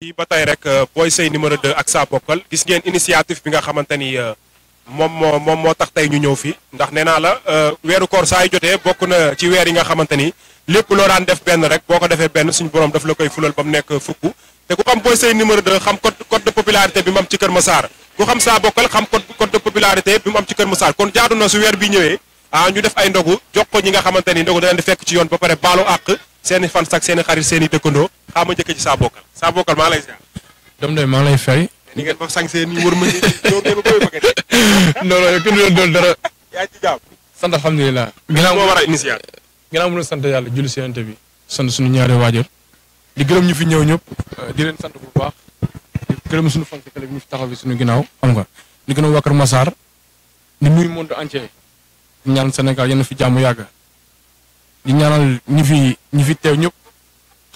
yi ba tey rek euh, booy Seye numéro de ak saa bokkal gis ngeen initiative bi nga xamante ni euh, moom moo moom moo tax tey ñu ñëw fi ndax nee naa la euh, weeru koor saa yu jotee bokk na ci weer yi nga xamante ni lépp loo daan def benn rek boo ko defee benn suñu borom daf la koy fulal ba mu nekk fukk te ku xam Boy Seye numéro 2 xam code code de popularité bi mu am ci Kër Massar ku xam saa bokkal xam code code popularité bi ci Kër Massar kon jaadu na su weer bi ñëwee ah ñu def ay ndogu jox ko ñi nga xamante ni ndogu da leen di fekk ci yoon ba pare baalu àq seen i fans ak dëkkandoo xama jëkke ci sa bokal sa bokal ma lay ziar dem dem ma lay fay ni kan ngeen ko sangsé ni wër ma ni do ngeen ko bëgg no non kenn doon dara ya ci japp sant alhamdullilah ginaaw mo wara initial ginaaw mo sant yalla julli seenante bi sant suñu ñaari wajur di gërëm ñu fi ñëw ñëp di leen sant bu baax di gërëm suñu fonk kala bi ñu fi taxaw suñu ginaaw xam nga ni gëna wakar massar ni muy monde entier ñaan sénégal yeen fi jamu yag di ñaanal ñi fi ñi fi tew ñëpp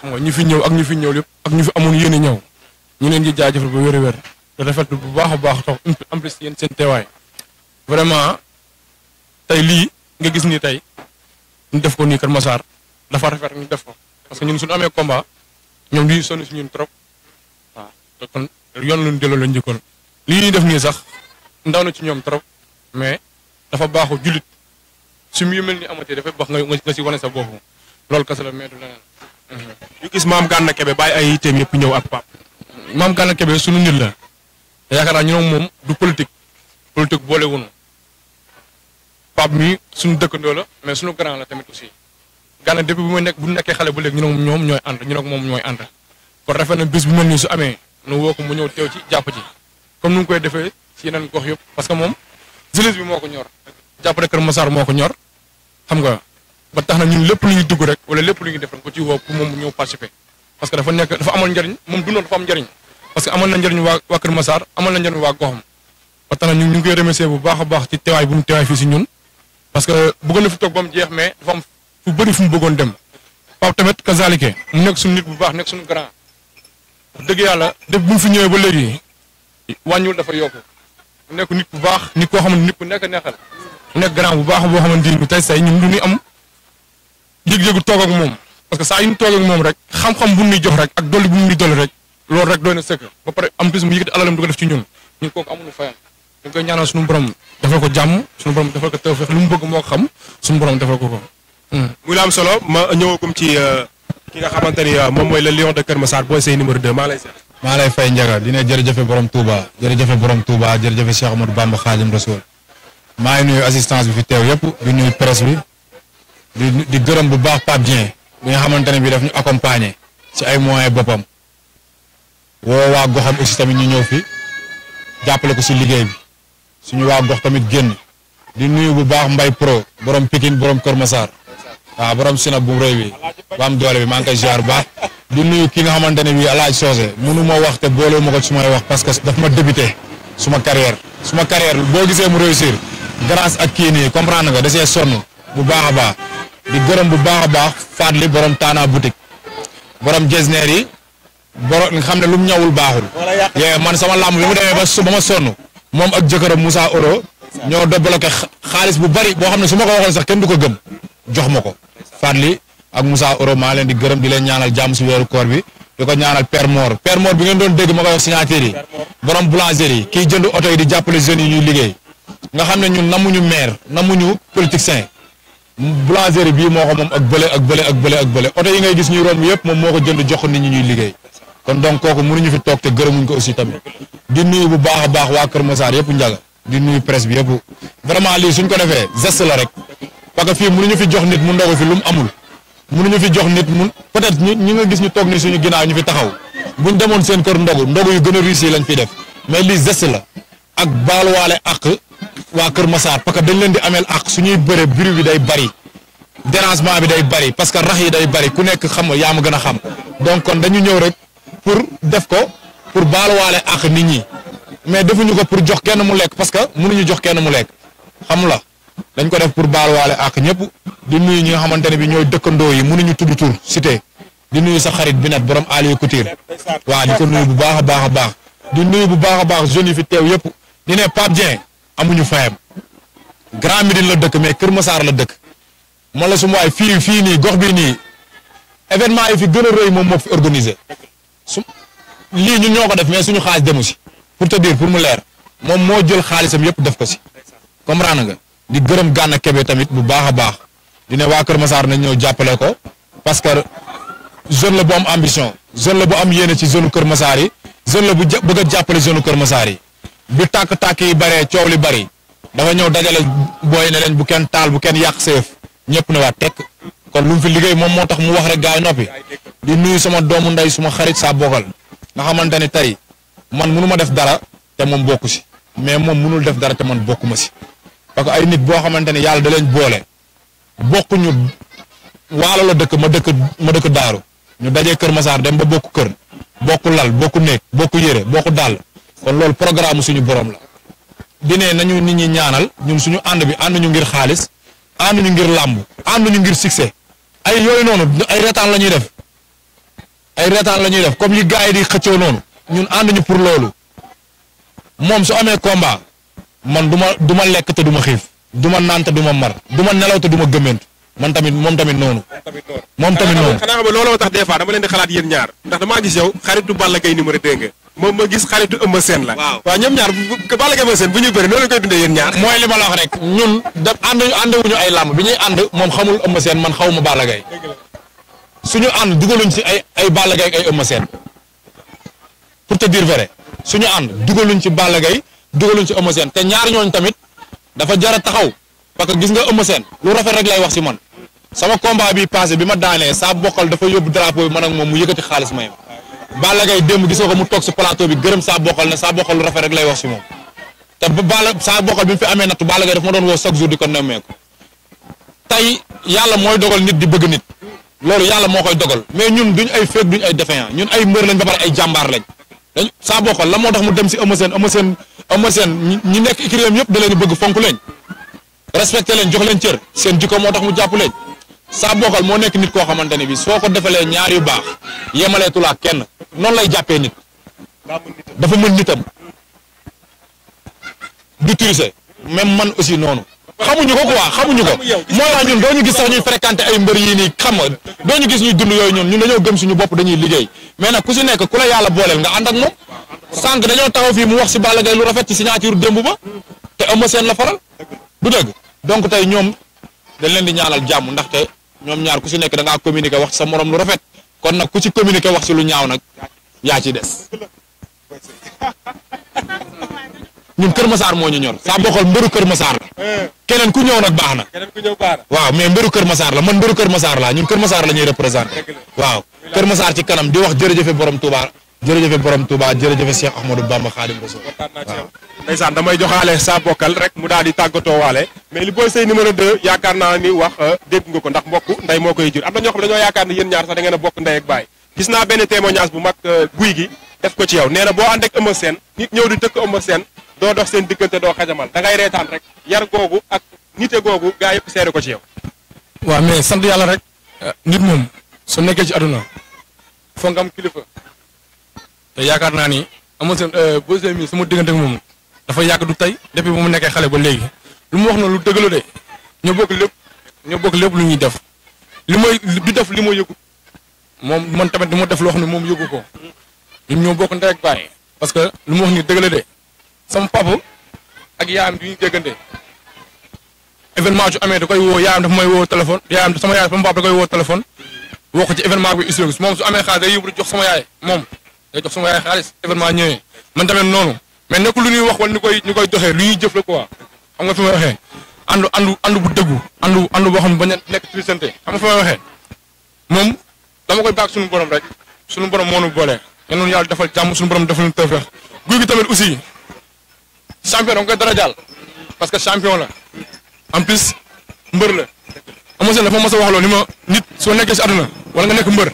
xam nga ñu fi ñëw ak ñu fi ñëw lépp ak ñu fi amoon yéen a ñëw ñu leen di jaajëfal ba wér a wér te rafetlu bu baax a baax tax en plus yéen seen teewaay vraiment tey lii nga gis ni tey ñu def ko nii Kër Massar dafa rafet ñu def ko parce que ñun suñu amee combat ñoom lii sonn si ñun trop waaw te kon yoon luñ delloo la njëkkoon lii ñuy def nii sax ndaw na ci ñoom trop mais dafa baaxu jullit su mu mel ni amatee dafay baax nga nga si wane sa bopp loolu kese la mais du leneen ñu gis maam na Kebe bay ay yitteem yëpp ñew ak pap maam na Kebe sunu nit la te ñu ne moom du politique politique bolé wuñu pap mi suñu ndo la mais suñu grand la tamit aussi na depuis bu muy nek bu nekké xalé bu léegi ñu ñom ñoom ñooy ànd ñu nak mom ñoy and kon rafa na bis bu mel nii su amé nu woko mu ñew tew ci japp ci comme nu ngui koy défé ci yeneen gox yëpp parce que mom jëlis bi moko ñor jàppale Kër Massar moo ñor xam nga ba tax na ñun lépp lu ñu dugg rek wala lépp lu ñu def rek ko ci woo pour moom ñëw participer parce que dafa nekk dafa amal njëriñ moom dundoon dafa am njëriñ parce que amal na njëriñ waa waa Kër goxam ba tax na ñun ñu ngi bu baax a baax ci teewaay bu mu teewaay fii si ñun parce que bëggoon na fi toog ba mu jeex mais dafa am fu bëri fu mu bëggoon dem Pape tamit kazalike mu nekk suñu nit bu baax nekk suñu grand wax dëgg yàlla def bu mu fi ñëwee ba léegi wàññiwul dafa yokku nekk nit bu baax nit koo xam ne nit ku nekk neexal mu nekk grand bu baax boo xamante ni tey say lu ñu am yëg-yëgu tok ak mom parce que sa yim tok ak mom rek xam-xam bu ñu jox rek ak doli bu ñu dolli rek lool rek doyna sekk ba pare am bis mu yëkkati alalam du ko def ci ñun ñun kooku amuñu fayal ñu koy ñaanal suñu borom dafa ko jamm suñu borom dafa ko tawfeex lu mu bëgg mo xam suñu borom dafa ko ko. Hmm. muy la solo ma ñëw ñëwagum ci euh, ki nga xamanteni euh, mom moy le lion de Kër Massar Boy sey numéro 2 ma lay seet. ma lay fay ñaga di ne jërëjëfe borom Touba jërëjëfe borom Touba jërëjëfe Cheikh Amadou Bamba Khadim Rasoul ma ngi nuyu assistance bi fi tew yépp bi nuyu presse bi di di gërëm bu baax Pape bien bi nga xamantene bi daf ñu accompagner ci ay moyens bopam wo wa goxam aussi tamit ñu ñëw fi jappalé ko ci liggéey bi suñu wa gox tamit genn di nuyu bu baax mbay Pro borom Pikine borom Kër Massar wa borom Sina bu reuy wi bu am doole bi ma ngi jaar ba di nuyu ki nga xamantene bi bii Alaaji mënu mo wax té bolé ma ko su wax parce que daf ma débuté suma carrière suma carrière bo gisé mu réussir grâce à kii comprendre nga da sé sonu bu baaxa baax di borom bu baax baax Fadli borom Tana boutique borom Jesner borom nga xamne ne lu ñawul baaxul. ye man sama lamb bi mu dewe ba suma sonu mom ak jëkkëram Moussa Oro ñoo débloqué xaaliss bu bari bo xamne suma ko waxoon sax kenn duko gëm jox mako fatli Fadli ak Moussa Oro ma leen di gëreem di leen ñaanal jamm ci wëru koor bi diko ñaanal Père mort Père mort bi ngeen doon dégg mako wax signature yi borom boulangerie ki jënd auto yi di jappalé jeune yi ñuy liggéey nga xamne ñun namuñu maire namuñu politicien boulangerie bii moo ko moom ak bële ak bële ak bële ak bële oto yi ngay gis ñuy romb yëpp moom moo ko jënd jox nit ñi ñuy liggéey kon donc kooku mënuñu fi toog te gërëmuñ ko aussi tamit di nuyu bu baax a baax waa Kër Massar yëpp njaga di nuyu presse bi yëpp vraiment lii suñ ko defee geste la rek parce que fii mënuñu fi jox nit mu ndogu fi lu mu amul mënuñu fi jox nit mu peut-être ñi ñi nga gis ñu toog ni suñu ginnaaw ñu fi taxaw buñ demoon seen kër ndogu ndogu yu gën a riis yi lañ fi def mais lii geste la ak baaluwaale ak waa Kër Massar parce que dañ leen di ameel ak suñuy bëre bruit bi day bari dérangement bi day bari parce que rax yi day bari ku nekk xam nga yaa ma gën a xam donc kon dañu ñëw rek pour def ko pour baaluwaale ak nit ñi mais defuñu ko pour jox kenn mu lekk parce que mënuñu jox kenn mu lekk xam la dañ ko def pour baaluwaale ak ñëpp di nuyu ñi nga xamante ne bi ñooy dëkkandoo yi mënuñu tudd tur cité di nuyu sa xarit bi nag borom Aliou Couture waaw di ko nuyu bu baax a baax a baax di nuyu bu baax a baax jeunes fi teew yëpp di ne Pape Dieng amuñu fayam Grand Médine la dëkk mais Kër masaar la dëkk man la su ma waay fii fii nii gox bi nii événement yi fi gën a rëy moom moo fi organisé su lii ñun ñoo ko def mais suñu xaalis demu si pour te dire pour mu leer moom moo jël xaalisam yëpp def ko si comprendre nga di gërëm Gana Kebe tamit bu baax a baax di ne waa Kër masaar nañ ñëw jàppale ko parce que jeune la bu am ambition jeune la bu am yéene ci jeune Kër masaar yi jeune la bu bëgg jàppale jeune Kër Massar yi bi tak tak yi bare ciow li bare dafa ñew dajale boy ne len bu ken tal bu ken yak seuf ñepp na tek kon lu fi mom motax mu wax rek gaay nopi di nuyu sama doomu nday suma xarit sa bokkal nga xamante tay man mënuma def dara te mom bokku si mais mom mënul def dara te man bokku ma si parce que ay nit bo xamante yalla da leen boole bokkuñu la dekk ma dekk ma dekk daaru ñu dajé kër massar dem ba bokku kër bokku lal bokku nek bokku yéré bokku dal. kon loolu programme suñu borom la di ne nañu nit ñi ñaanal ñun suñu ànd bi ànd ñu ngir xaalis ànd ñu ngir làmb ànd ñu ngir succès ay yooyu noonu ay retaan la ñuy def ay retaan la def comme li gars yi di xëccoo noonu ñun ànd ñu pour loolu moom su amee combat man du ma du ma lekk te du ma xiif du ma naan te du ma mar du ma nelaw te du ma gëmmentu man tamit moom tamit noonu. moom tamit noonu xanaa xam nga looloo tax des fois dama leen di xalaat yéen ñaar ndax damaa gis yow xaritu Balla Gaye numéro 2 moom ma gis xaritu Eumeu Sène la. waaw waaw ñaar bu Balla Gaye Eumeu Sène bu ñu bëri noonu koy dundee yéen ñaar. mooy li ma la wax rek ñun da ànd àndewuñu ay bi ñuy xamul man xawma suñu dugaluñ ci ay ay Balla Gaye ak ay Eumeu Sène pour te dire vrai suñu ànd dugaluñ ci Balla Gaye dugaluñ ci te ñaar tamit dafa jar taxaw parce que gis nga Eumeu lu rafet rek lay wax ci man sama combat bi passé bima daané sa saa bokkal dafa yobbu drapeau man ak mom mu yëkëti xaaliss mayam Balla Gaye démb gisoo ko mu toog si plateau bi gërëm saa bokkal ne saa bokkal lu rafet rek wax si moom te Balla saa bokkal bi mu fi amee nattu Balla Gaye daf ma doon woo chaque jour di ko nemmeeku tey yàlla mooy dogal nit di bëgg nit loolu yàlla moo koy dogal mais ñun ñu ay féeg duñ ay défiant ñun ay mbër lañ ba pare ay jàmbaar lañ dañ saa bokkal la moo tax mu dem si Eumeu Sène Eumeu Sène Eumeu seen ñi nekk écurie yëpp da leen bëgg fonk leen respecté leen jox leen cër seen jikko moo tax mu jàpp leen saa bokkal moo nekk nit koo xamante ne bi soo ko defalee ñaar yu baax kenn noonu lay jàppee nit dafa mën nitam du tricher même man aussi noonu xamuñu ko quoi xamuñu ko mooy wax ñun doo ñu gis sax ñuy fréquenter ay mbër yii nii xam nga doo ñu gis ñuy dund yooyu ñun ñun dañoo gëm suñu bopp dañuy liggéey mais nag ku si nekk ku la yàlla booleel nga ànd ak moom sànq dañoo taxaw fii mu wax si Balla Gaye lu rafet ci signature démb ba te Eumeu Sène la faral du degg donc tey ñoom dañ leen di ñaanal jàmm ndaxte ñoom ñaar ku si nekk da ngaa communiquer wax sa morom lu rafet kon nag ku ci communiqué wax ci lu ñaaw nag yaa ci des ñun Kër Masaar moo ñu ñor saa bokkal mbëru Kër Masaar la eh. keneen ku ñëw nag baax na waaw mais mbëru Kër Masaar la man mbëru Kër Masaar laa ñun Kër Masaar la ñuy représenté waaw Kër Masaar ci kanam di wax jërëjëfe borom Touba jërëjëfe borom Touba jërëjëfe Cheikh Ahmadou Bamba Khadim Rasoul waaw ndaysan damay joxale sa bokal rek mu daal di tàggatoo waale mais li Boy sey numéro 2 yakarna ni wax euh, dégg nga ko ndax mbok nday mokay jur am na ñoo xam dañoo yaakaar ne yéen ñaar sax da ngay na bok nday ak bay gis na ben témoignage bu mak euh, guy gi def ko ci yow néna bo andek ànd sen nit ñew di tëkk Eumeu sen do dox sen diggante do xajamal da ngay rétan rek yar gogou ak nité gogou gaay yëpp séré ko ci yow wa mais sant yalla rek euh, nit mom su nekkee ci aduna fo nga am kilifa te yaakaar naa ni Eumeu Sène euh, Boy Sèye mi sama diggante ak moom dafa yàgg du tey depuis bu mu nekkee xale ba léegi lu mu wax na lu dëgg la de ñoo bokk lépp ñoo bokk lépp lu ñuy def li may du def li ma yëgu moom man tamit du ma def loo xam ne moom yëgu ko ñun ñoo bokk ndey baay parce que lu mu wax ni dëgg la de sama papa ak yaayam du ñu déggante événement su amee woo yaayam dafa may woo téléphone yaayam sama yaay sama papa da koy woo téléphone woo ko ci événement bi historique moom su amee xaalis day moom day jox sama yaay xaliss événement ñëwee man tamit nonu mais nekul lu ñuy wax wal ñu koy ñu koy lu ñuy jëf la quoi xam nga fuma waxé andu andu andu bu dëggu andu andu bo xam ne bañ a nekk ci santé xam nga fuma waxé mom dama koy baax suñu borom rek suñu borom moo ñu boole yal na yàlla defal jàmm suñu borom defal ñu tawfeex guy gi tamit aussi champion da nga koy dara dal parce que champion la en plus mbeur la amoon la fa mësa wax lo ni ma nit so nekk ci aduna wala nga nekk mbeur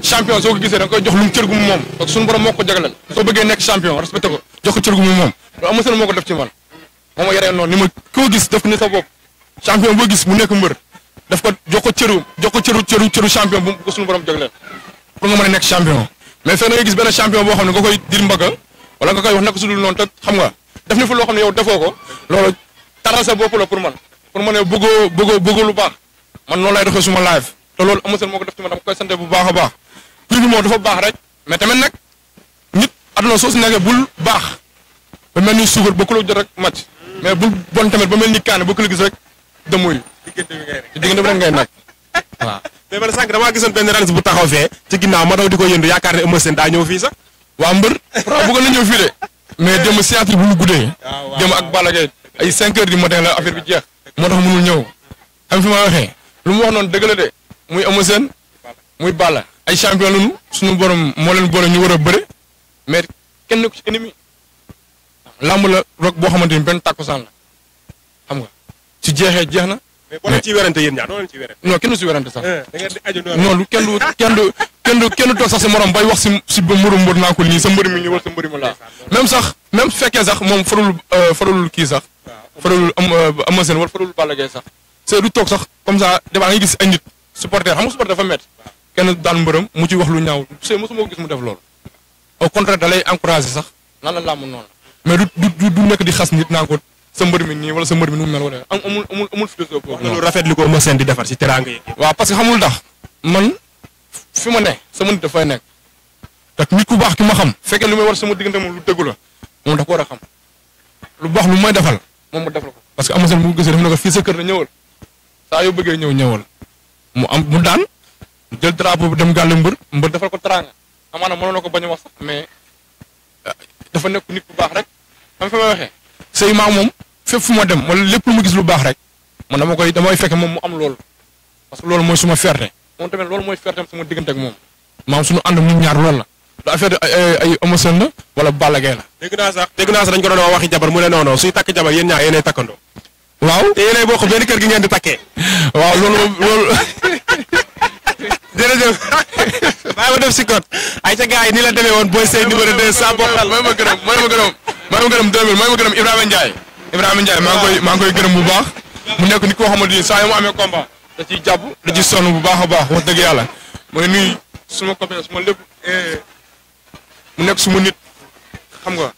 champion soo ko gisee da nga jox lu mu cër gu mu moom ak suñu borom moo ko jagleel soo bëggee nekk champion respecté ko cër gu moom loolu moo ko def ci moo ma yaree noonu ni ma gis def ko ni sa bopp champion boo gis mu nekk mbër def ko jox ko cëru jox ko cëru cëru cëru champion bu ko suñu borom jagleel pour nga mën nekk champion mais fekk na nga gis benn champion boo xam ne nga koy dir mbaga wala nga koy wax naka su dul te xam nga def na fa loo xam ne yow defoo ko loolu taral sa bopp la pour man pour man yow bëggoo bëggoo bëggoo lu baax man noonu laay loolu Eumeu Sène moo bu baax a baax prix bi moom dafa baax rek mais tamit nag nit àdduna soo si nekkee bul baax ba mel ni suukar ba ku la jot rek màcc mais bul bon tamit ba mel ni kaane ba ku la gis rek demuy. diggante bi ngay nekk diggante bi rek ngay nekk waaw. mais man gisoon benn ràllis bu taxaw fee ci ginnaaw ma daw di ko yëndu yaakaar ne Eumeu Sène daa ñëw fii sax. waa mbër waaw bëggoon na ñëw fii de. mais démb bu ñu guddee. Ah, ak Balla ay 5 heures du matin la bi jeex. moo tax mënul ñëw. xam fi lu mu wax noonu dëgg la de muy Eumeu muy Balla ay champion lañu suñu borom moo leen boole ñu war a bëre mais kenn ku ci ennemi làmb la rek boo xamante ni benn tàkkusaan la xam nga su jeexee jeex na. mais boo leen ciy werante yéen ñaar si werante sax. Eh, da ngeen di noonu. kenn du kenn du kenn toog sax si morom bay wax si si ba mbëru mbër naa ko nii sa mbëri mi ñu wala sa mbëri ma laa. même sax même su fekkee sax moom farul euh, farul kii sax. waaw farul euh, Eumeu Sène wala farul Balla Gaye sax. c'est du toog sax comme sax ça damaa ngi gis ay nit supporter xam nga supporter dafa métti. kenn dan mbërëm mu ci wax lu ñaaw sey mosuma ko gis mu def lool au contraire dalay encourager sax nan la làmm non mais du du du nek di xass nit naa ko sa mbeur mi ni wala sa mbeur mi nu mel wala am amul amul amul philosophe lu rafet liko ko ma seen di defar ci teraanga yi. parce que xamul ndax man fima ma ne sama nit dafay nek tak nit ku bax ki ma xam fekkee lu may war sama digënde moom lu dëggu la moom daf ko wara xam lu bax lu may defal moom mu def ko parce que am sen mu gëssé dafa nako fi sa kër na ñëwal sa yu bëggee ñëw ñëwal mu am mu daan jël drapeau bi dem galle mbër mbër defal ko teraanga amana mo na ko bañ wax mais euh, dafa nek nit bu baax rek am fa waxe sey ma mom fepp fuma dem wala lepp lu ma gis lu baax rek mo dama koy damay fekk mom mu am lool parce que lool moy suma fierté mo tamen lool moy fierté suma digënté ak moom maam suñu and mu ñaar lool la da affaire ay ay homosexuel la wala balagay la. deug na sax deug na sax dañ ko doon waxi jabar mu ne non non suy tak jabar yeen ñaar yeen ay takando waaw te yeen ay bokk benn kër gi ngeen di takkee. waaw lool lool jërëjëf bàyyi ma def si code ay ca gars yi ni la demee woon Boy Seye numéro 2 sa bokkal mooy ma gërëm mooy ma gërëm mooy ma gërëm 2000 mooy ma gërëm Ibrahima Ndiaye maa ngi koy maa koy gërëm bu baax mu nekk nit koo xamante ni saa yu mu amee combat da ciy jàpp da ciy sonn bu baax a baax wax dëgg yàlla mooy nuy suma copain suma lépp eh, mu nekk suma nit xam nga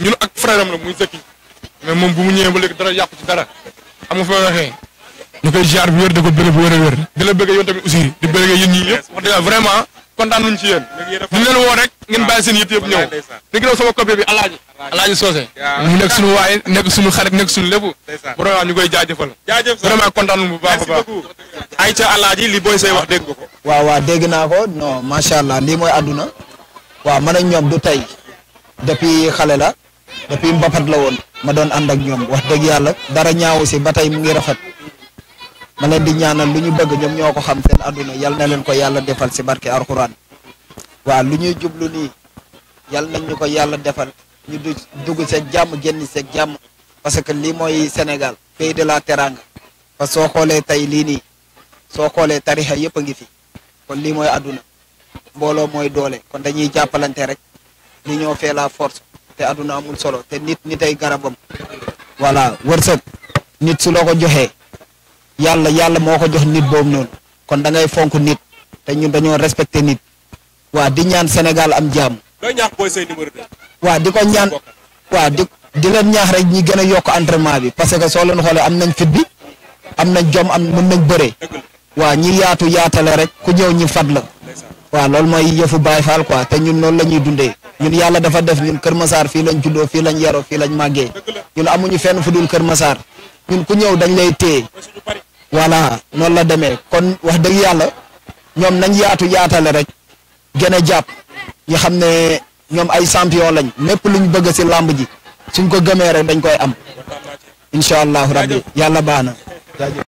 ñun ak frère la muy Zeki mais moom bu mu ñëwee ba léegi dara yàqu ci dara xam nga ñu koy jaar bu wér di ko bëgg bu wér a wér di la bëgg yoon tamit aussi di bëgg yéen ñii yëpp wax dëgg vraiment kontaan nañu ci yéen ñu leen woo rek ngeen bàyyi seen yëpp yëpp ñëw di gërëm sama copie bi alaaji alaaji Socé mu nekk suñu waay nekk suñu xarit nekk suñu lépp vraiment ñu koy jaajëfal vraiment kontaan nañu a baax ay li booy say wax dégg ko waaw waaw dégg naa ko non macha allah lii mooy àdduna waaw man ak ñoom du tey depuis xale la depuis mbapat la woon ma doon ànd ak ñoom wax dëgg yàlla dara ñaaw si ba tey mu ngi rafet mané di ñaanal luñu bëgg ñom ñoko xam seen aduna yal na leen ko yalla defal ci barké alxuraan wa luñu jublu ni yal nañ ko yàlla defal ñu dugg seeg jamm génn seeg jamm parce que li moy Sénégal pays de la teranga fa so xolé tay li ni so xolé tariha yépp ngi fi kon li moy aduna mbolo moy doole kon dañuy jappalanté rek ñoo fé la force te aduna amul solo te nit nitay garabam wala wërsepp nit su loko joxé yàlla yàlla moo ko jox nit boobu noonu kon da ngay fonk nit te ñun dañoo respecté nit waa di ñaan Sénégal am jàmm. looy ñaax waa di ko ñaan waa di di leen ñaax rek ñi gën a yokk entraînement bi parce que soo leen xoolee am nañ fit bi am na jom am mën nañ bëre. waa ñi yaatu yaatale rek ku ñëw ñi fad la. waaw loolu mooy yëfu Baye Fall quoi te ñun noonu la ñuy dundee ñun yàlla dafa def ñun Kër Massar fii lañ juddoo fii lañ yaroo fii lañ màggee ñun amuñu fenn fu dul Kër Massar ñun ku ñëw dañ lay voilà noonu la demee kon wax dëgg yàlla ñoom nañ yaatu yaatale rek gën a jàpp ñu xam ne ñoom ay champion lañ lépp luñ bëgg si làmb ji suñ ko gëmee rek dañ koy am incha allahu rabbi yàlla baax